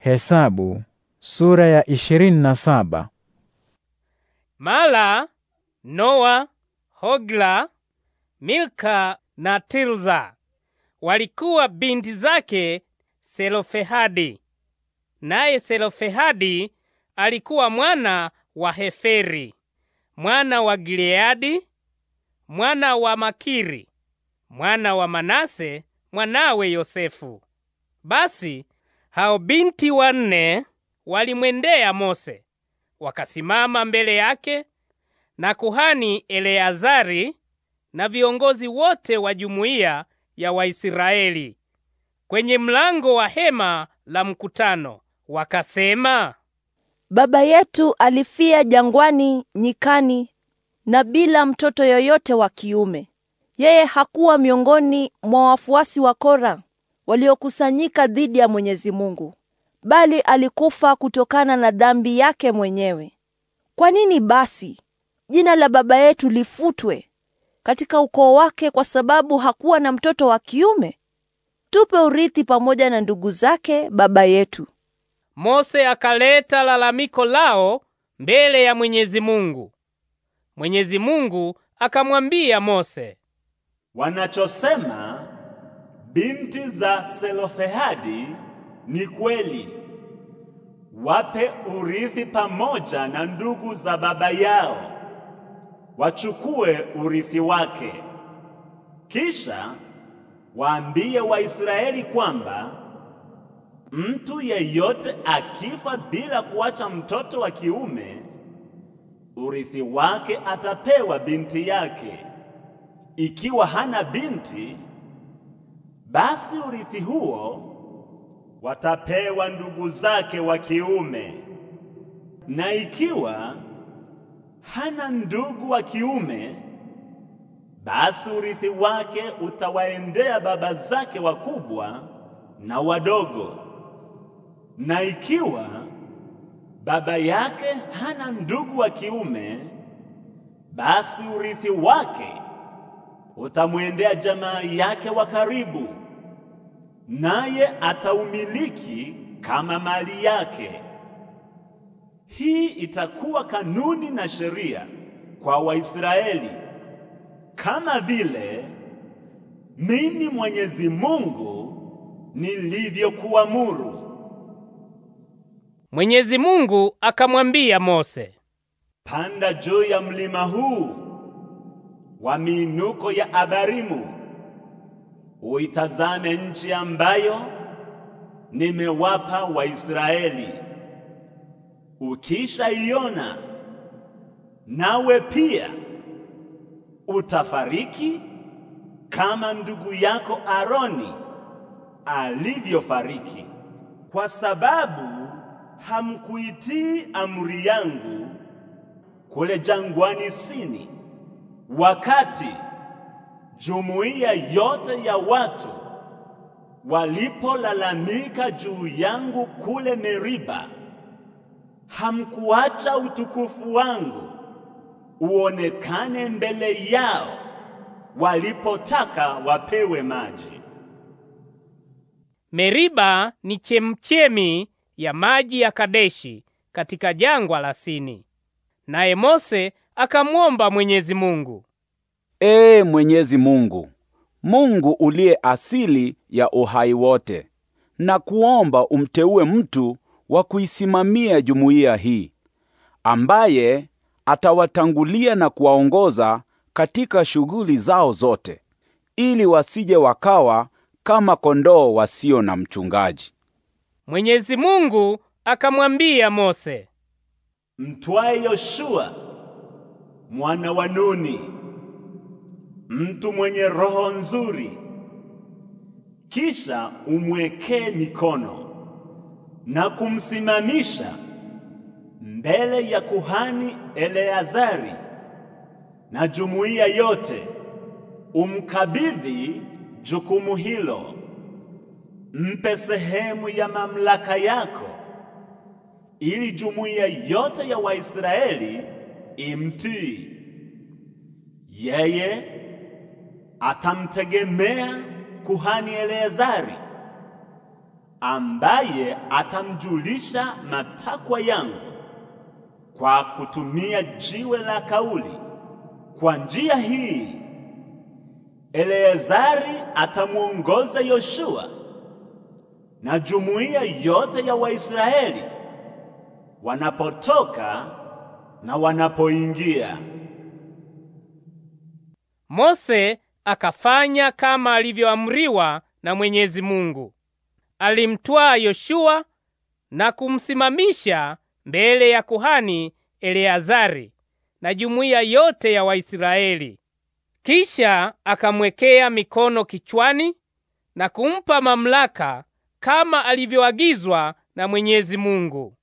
Hesabu sura ya saba. Mala, Noa, Hogla, Milka na Tirza walikuwa binti zake Selofehadi. Naye Selofehadi alikuwa mwana wa Heferi, mwana wa Gileadi, mwana wa Makiri, mwana wa Manase, mwanawe Yosefu. Basi hao binti wanne walimwendea Mose, wakasimama mbele yake na kuhani Eleazari na viongozi wote wa jumuiya ya Waisraeli kwenye mlango wa hema la mkutano, wakasema, baba yetu alifia jangwani nyikani, na bila mtoto yoyote wa kiume. Yeye hakuwa miongoni mwa wafuasi wa Kora waliokusanyika dhidi ya Mwenyezi Mungu, bali alikufa kutokana na dhambi yake mwenyewe. Kwa nini basi jina la baba yetu lifutwe katika ukoo wake kwa sababu hakuwa na mtoto wa kiume? Tupe urithi pamoja na ndugu zake baba yetu. Mose akaleta lalamiko lao mbele ya Mwenyezi Mungu. Mwenyezi Mungu akamwambia Mose, wanachosema binti za Selofehadi ni kweli, wape urithi pamoja na ndugu za baba yao, wachukue urithi wake. Kisha waambie Waisraeli kwamba mtu yeyote akifa bila kuacha mtoto wa kiume, urithi wake atapewa binti yake. Ikiwa hana binti basi urithi huo watapewa ndugu zake wa kiume. Na ikiwa hana ndugu wa kiume, basi urithi wake utawaendea baba zake wakubwa na wadogo. Na ikiwa baba yake hana ndugu wa kiume, basi urithi wake utamwendea jamaa yake wa karibu naye ataumiliki kama mali yake. Hii itakuwa kanuni na sheria kwa Waisraeli, kama vile mimi Mwenyezi Mungu nilivyokuamuru. Mwenyezi Mungu akamwambia Mose, panda juu ya mlima huu wa miinuko ya Abarimu uitazame nchi ambayo nimewapa Waisraeli. Ukishaiona nawe pia utafariki kama ndugu yako Aroni alivyofariki, kwa sababu hamkuitii amri yangu kule jangwani Sini wakati jumuiya yote ya watu walipolalamika juu yangu kule Meriba, hamkuacha utukufu wangu uonekane mbele yao walipotaka wapewe maji. Meriba ni chemchemi ya maji ya Kadeshi katika jangwa la Sini. Naye Mose akamwomba Mwenyezi Mungu Ee Mwenyezi Mungu, Mungu uliye asili ya uhai wote, na kuomba umteue mtu wa kuisimamia jumuiya hii, ambaye atawatangulia na kuwaongoza katika shughuli zao zote, ili wasije wakawa kama kondoo wasio na mchungaji. Mwenyezi Mungu akamwambia Mose, mtwae Yoshua mwana wa Nuni mtu mwenye roho nzuri, kisha umwekee mikono na kumsimamisha mbele ya kuhani Eleazari na jumuiya yote, umkabidhi jukumu hilo, mpe sehemu ya mamlaka yako, ili jumuiya yote ya Waisraeli imtii yeye atamtegemea kuhani Eleazari ambaye atamjulisha matakwa yangu kwa kutumia jiwe la kauli. Kwa njia hii Eleazari atamwongoza Yoshua na jumuiya yote ya Waisraeli wanapotoka na wanapoingia. Mose akafanya kama alivyoamriwa na Mwenyezi Mungu. Alimtwaa Yoshua na kumsimamisha mbele ya kuhani Eleazari na jumuiya yote ya Waisraeli. Kisha akamwekea mikono kichwani na kumpa mamlaka kama alivyoagizwa na Mwenyezi Mungu.